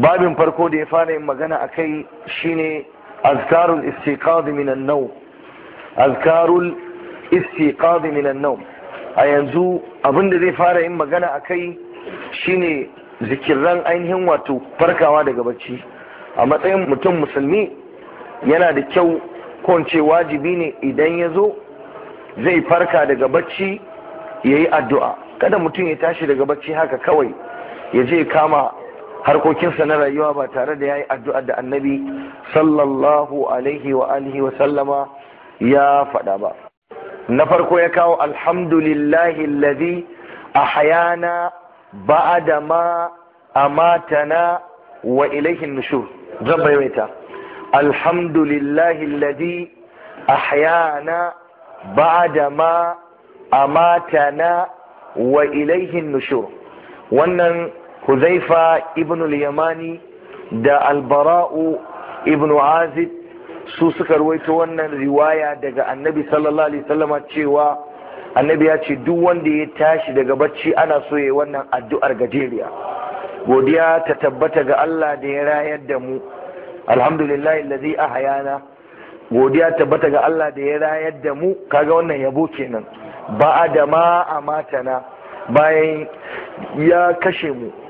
babin farko da ya fara yin magana a kai shine azkarul istiqadi minan nau azkarul istiqadi minan nau a yanzu abin da zai fara yin magana a kai shine zikirran ainihin wato farkawa daga bacci a matsayin mutum musulmi yana da kyau kwance wajibi ne idan ya zo zai farka daga bacci ya yi addu'a kada mutum ya tashi daga bacci haka kawai ya je kama harkokinsa na rayuwa ba tare da ya yi addu'ar da annabi sallallahu alaihi wa alihi wa sallama ya faɗa ba na farko ya kawo alhamdulillahi alladhi ahayana ba'da ma amatana wa ilaihin nushur zan baiwaita alhamdulillahi alladhi ahayana ba'da ma amatana wa ilaihin nushur wannan huzaifa ibn al-yamani da albara'u ibn azib su suka ruwaito wannan riwaya daga annabi sallallahu alaihi wasallama cewa annabi ya ce duk wanda ya tashi daga bacci ana so ya wannan addu'ar gajeriya godiya ta tabbata ga Allah da ya rayar mu alhamdulillah godiya tabbata ga Allah da ya rayar da mu kaga wannan yabo kenan ba da ma amatana bayan ya kashe mu